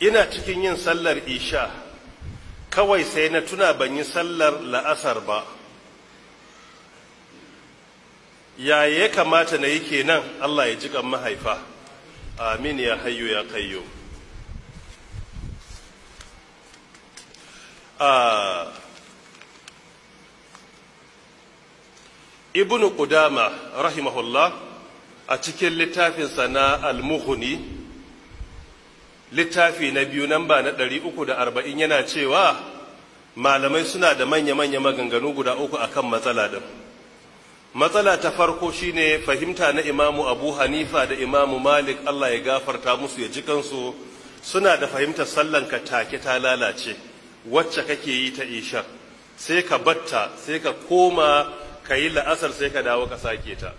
ina cikin yin sallar isha kawai sai na tuna ban yi sallar la'asar ba yaya ya kamata na yi kenan allah ya ji kan mahaifa amin ya hayo ya kayo ah, ibn qudama rahimahullah a cikin littafinsa na al muhuni littafi na biyu nan ba na ɗari uku da arba'in yana cewa malamai suna da manya-manya maganganu guda uku a kan matsala din matsala ta farko shine fahimta na imamu abu hanifa da imamu malik allah ya gafarta musu ya ji kansu suna da fahimtar sallanka take ta lalace wacce kake yi ta isha sai ka batta sai ka koma ka yi la'asar sai ka dawo ka sake ta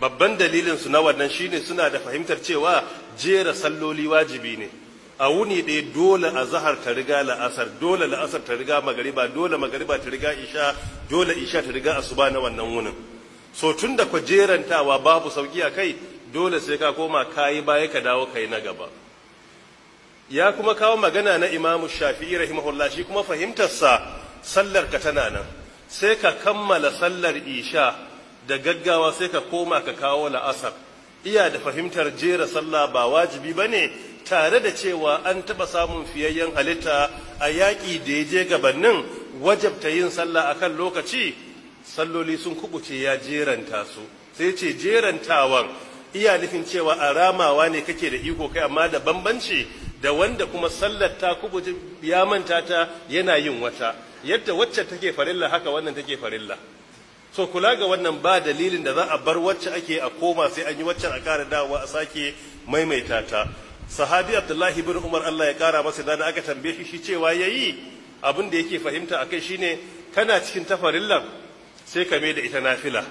babban dalilin su na wannan shine suna da fahimtar cewa jera salloli wajibi ne a wuni ɗaya dole a zahar ta riga la'asar dole la'asar ta riga magariba dole magariba ta riga isha dole isha ta riga asuba na wannan wunin so tun da ku jerantawa babu sauki a kai dole sai ka koma kayi baya ka dawo kai na gaba ya kuma kawo magana na imamu shafi'i rahimahullah shi kuma fahimtarsa sallar ka tana nan sai ka kammala sallar isha da gaggawa sai ka koma ka kawo la'asar iya da fahimtar jera sallah ba wajibi ba ne tare da cewa an taɓa samun fiyayyen halitta a yaƙi da ya je gabanin wajabta yin sallah a kan lokaci salloli sun kubuce ya jeranta su sai ce jerantawan iya nufin cewa a ramawa ne kake da iko kai amma da bambanci da wanda kuma sallar ta kubuce ya manta ta yana yin wata yadda wacce take farilla haka wannan take farilla so kula ga wannan ba dalilin da za a bar wacce ake a koma sai an yi waccan a kara dawowa a sake maimaita ta sahabi abdullahi bin umar allah ya kara masa da aka tambaye shi shi cewa yi abin da yake fahimta a kai shine kana cikin tafarillan sai ka mai da ita nafila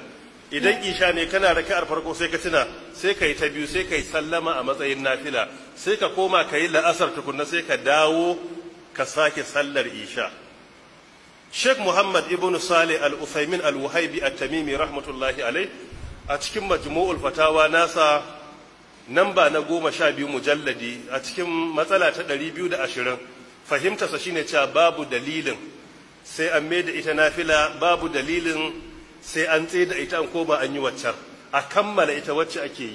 idan isha ne kana raka'ar farko sai ka tuna sai ka yi ta biyu sai ka yi sallama a matsayin nafila sai ka koma ka yi la'asar tukunna sai ka dawo ka sake sallar isha Sheikh Muhammad ibn Saleh al-Uthaymin al-Wahabi at-Tamimi rahmatullahi alai a cikin majmu'ul fatawa nasa namba na goma sha biyu mujalladi a cikin matsala ta ɗari biyu da ashirin shine cewa babu dalilin sai an mai da ita nafila babu dalilin sai an tsaye da ita an koma an yi waccan a kammala ita wacce ake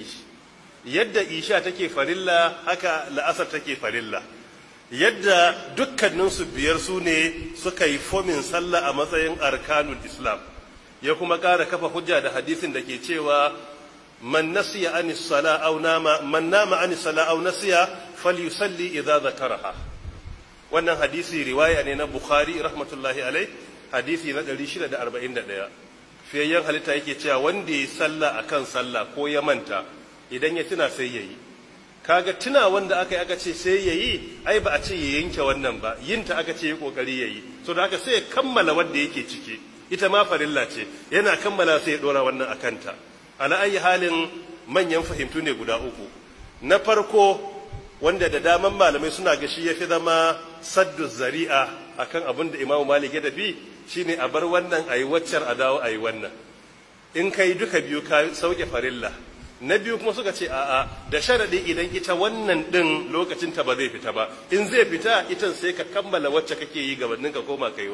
yi yadda isha take farilla haka la'asar take farilla yadda dukkaninsu biyar su ne suka yi fomin sallah a matsayin arkanul islam ya kuma ƙara kafa hujja da hadisin da ke cewa man nasiya an sala aw nama man nama an sala aw nasiya falyusalli idza zakaraha wannan hadisi riwaya ne na bukhari rahmatullahi alai hadisi na 641 fiyayyen halitta yake cewa wanda ya salla akan sallah ko ya manta idan ya tuna sai yayi kaga tuna wanda aka yi aka ce sai ya yi ai ba a ce ya yanke wannan ba yinta aka ce ya kokari ya yi so da aka sai ya kammala wanda yake ciki ita ma farilla ce yana kammala sai ya dora wannan a kanta ala ayi halin manyan fahimtu ne guda uku na farko wanda da daman malamai suna gashi ya fi zama saddu zari'a akan abin da imamu malik ya tafi shine a bar wannan a yi waccar a dawo a yi wannan in kai duka biyu ka sauke farilla na biyu kuma suka ce a'a da sharaɗi idan ita wannan ɗin lokacinta ba zai fita ba in zai fita itan sai ka kammala wacce kake yi gabanin ka koma ka yi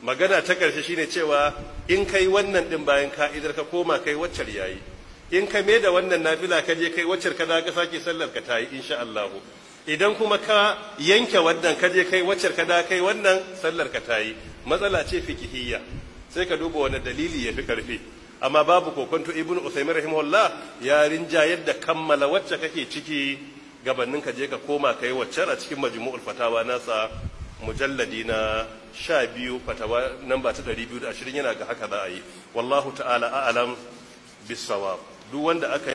magana ta ƙarshe shine cewa in kai wannan ɗin bayan ka'idar ka koma kai waccar yayi in ka me da wannan nafila ka je kai waccar ka ka sake sallar ka tayi insha Allah idan kuma ka yanke wannan ka je kai waccar ka da kai wannan sallar ka tayi matsala ce fikihiyya sai ka duba wani dalili ya fi karfi amma babu kokonto ibnu usaimin rahimahullah ya rinja yadda kammala wacce kake ciki gabanin ka je ka koma kai wacce a cikin majmu'ul fatawa nasa mujalladi na sha biyu fatawa ba ta yana ga haka za a yi wallahu ta'ala alam bisawab duk wanda aka